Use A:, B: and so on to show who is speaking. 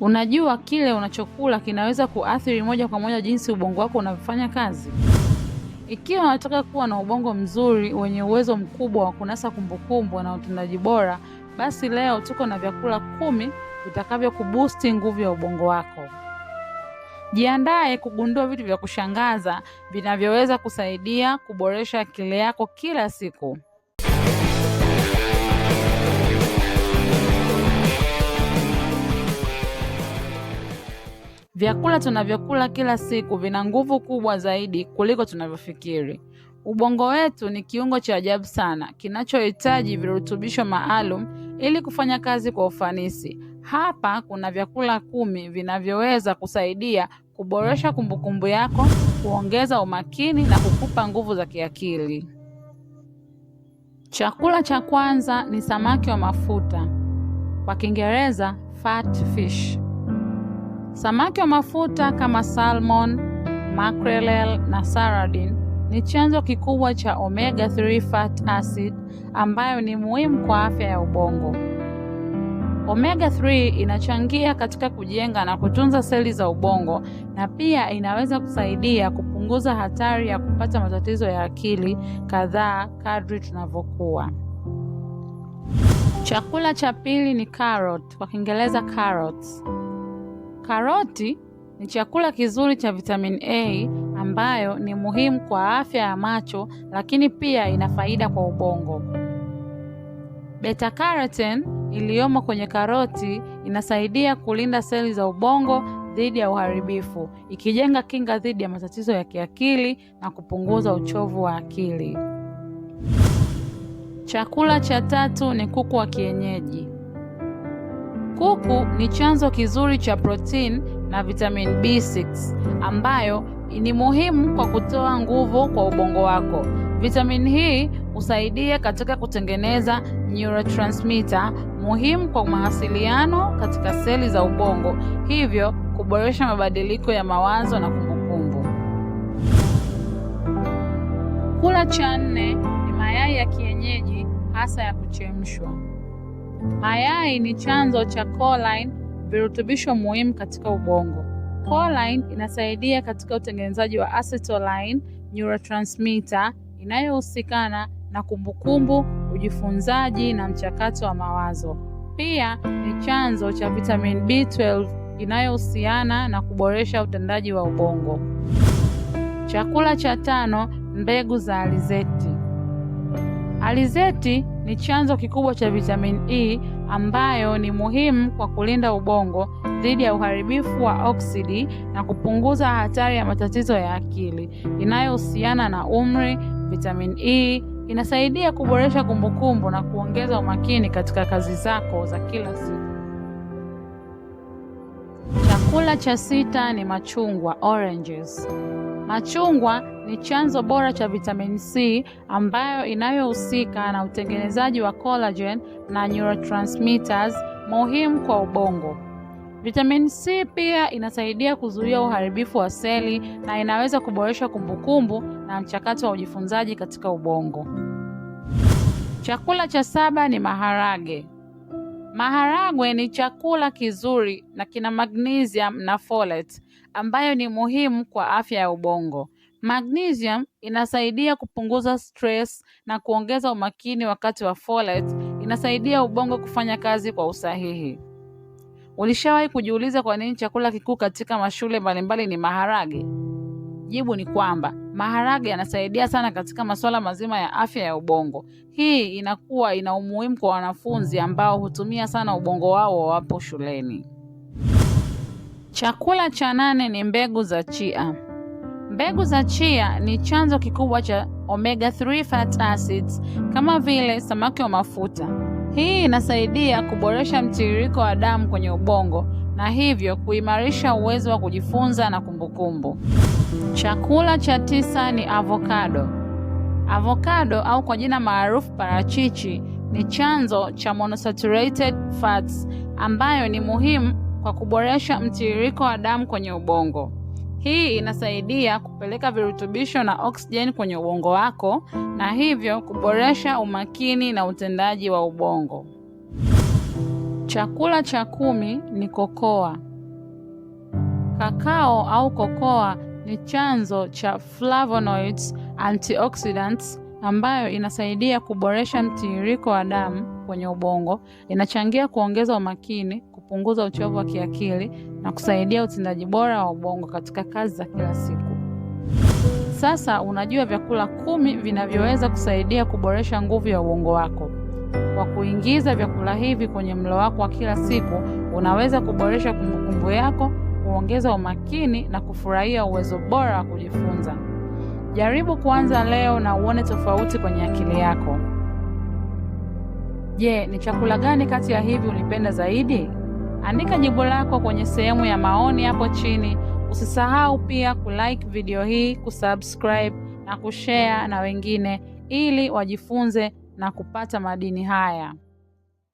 A: Unajua kile unachokula kinaweza kuathiri moja kwa moja jinsi ubongo wako unavyofanya kazi. Ikiwa unataka kuwa na ubongo mzuri wenye uwezo mkubwa wa kunasa kumbukumbu na utendaji bora, basi leo tuko na vyakula kumi vitakavyo kubusti nguvu ya ubongo wako. Jiandae kugundua vitu vya kushangaza vinavyoweza kusaidia kuboresha akili yako kila siku. Vyakula tunavyokula kila siku vina nguvu kubwa zaidi kuliko tunavyofikiri. Ubongo wetu ni kiungo cha ajabu sana kinachohitaji virutubisho maalum ili kufanya kazi kwa ufanisi. Hapa kuna vyakula kumi vinavyoweza kusaidia kuboresha kumbukumbu yako, kuongeza umakini na kukupa nguvu za kiakili. Chakula cha kwanza ni samaki wa mafuta, kwa Kiingereza fat fish. Samaki wa mafuta kama salmon, makrelel na saradin ni chanzo kikubwa cha omega 3 fat acid ambayo ni muhimu kwa afya ya ubongo. Omega 3 inachangia katika kujenga na kutunza seli za ubongo na pia inaweza kusaidia kupunguza hatari ya kupata matatizo ya akili kadhaa kadri tunavyokuwa. Chakula cha pili ni carrot, kwa Kiingereza carrots. Karoti ni chakula kizuri cha vitamini A ambayo ni muhimu kwa afya ya macho, lakini pia ina faida kwa ubongo. Beta carotene iliyomo kwenye karoti inasaidia kulinda seli za ubongo dhidi ya uharibifu, ikijenga kinga dhidi ya matatizo ya kiakili na kupunguza uchovu wa akili. Chakula cha tatu ni kuku wa kienyeji. Kuku ni chanzo kizuri cha protein na vitamin B6 ambayo ni muhimu kwa kutoa nguvu kwa ubongo wako. Vitamini hii husaidia katika kutengeneza neurotransmitter muhimu kwa mawasiliano katika seli za ubongo, hivyo kuboresha mabadiliko ya mawazo na kumbukumbu. Kula cha nne ni mayai ya kienyeji hasa ya kuchemshwa. Mayai ni chanzo cha choline, virutubisho muhimu katika ubongo. Choline inasaidia katika utengenezaji wa acetylcholine neurotransmitter inayohusikana na kumbukumbu, ujifunzaji na mchakato wa mawazo. Pia ni chanzo cha vitamin B12 inayohusiana na kuboresha utendaji wa ubongo. Chakula cha tano, mbegu za alizeti. Alizeti ni chanzo kikubwa cha vitamini E ambayo ni muhimu kwa kulinda ubongo dhidi ya uharibifu wa oksidi na kupunguza hatari ya matatizo ya akili inayohusiana na umri. Vitamini E inasaidia kuboresha kumbukumbu na kuongeza umakini katika kazi zako za kila siku. Chakula cha sita ni machungwa, oranges. Machungwa ni chanzo bora cha vitamini C ambayo inayohusika na utengenezaji wa collagen na neurotransmitters muhimu kwa ubongo. Vitamini C pia inasaidia kuzuia uharibifu wa seli na inaweza kuboresha kumbukumbu na mchakato wa ujifunzaji katika ubongo. Chakula cha saba ni maharage. Maharagwe ni chakula kizuri na kina magnesium na folate ambayo ni muhimu kwa afya ya ubongo. Magnesium inasaidia kupunguza stress na kuongeza umakini wakati wa folate, inasaidia ubongo kufanya kazi kwa usahihi. Ulishawahi kujiuliza kwa nini chakula kikuu katika mashule mbalimbali ni maharage? Jibu ni kwamba maharage yanasaidia sana katika masuala mazima ya afya ya ubongo. Hii inakuwa ina umuhimu kwa wanafunzi ambao hutumia sana ubongo wao wapo shuleni. Chakula cha nane ni mbegu za chia. Mbegu za chia ni chanzo kikubwa cha omega-3 fat acids kama vile samaki wa mafuta. Hii inasaidia kuboresha mtiririko wa damu kwenye ubongo na hivyo kuimarisha uwezo wa kujifunza na kumbukumbu. Chakula cha tisa ni avocado. Avocado au kwa jina maarufu parachichi ni chanzo cha monosaturated fats ambayo ni muhimu kwa kuboresha mtiririko wa damu kwenye ubongo. Hii inasaidia kupeleka virutubisho na oksijeni kwenye ubongo wako na hivyo kuboresha umakini na utendaji wa ubongo. Chakula cha kumi ni kokoa. Kakao au kokoa ni chanzo cha flavonoids, antioxidants ambayo inasaidia kuboresha mtiririko wa damu kwenye ubongo, inachangia kuongeza umakini, kupunguza uchovu wa kiakili na kusaidia utendaji bora wa ubongo katika kazi za kila siku. Sasa unajua vyakula kumi vinavyoweza kusaidia kuboresha nguvu ya ubongo wako. Kwa kuingiza vyakula hivi kwenye mlo wako wa kila siku, unaweza kuboresha kumbukumbu yako, kuongeza umakini na kufurahia uwezo bora wa kujifunza. Jaribu kuanza leo na uone tofauti kwenye akili yako. Je, ni chakula gani kati ya hivi ulipenda zaidi? Andika jibu lako kwenye sehemu ya maoni hapo chini. Usisahau pia kulike video hii, kusubscribe na kushare na wengine ili wajifunze na kupata madini haya.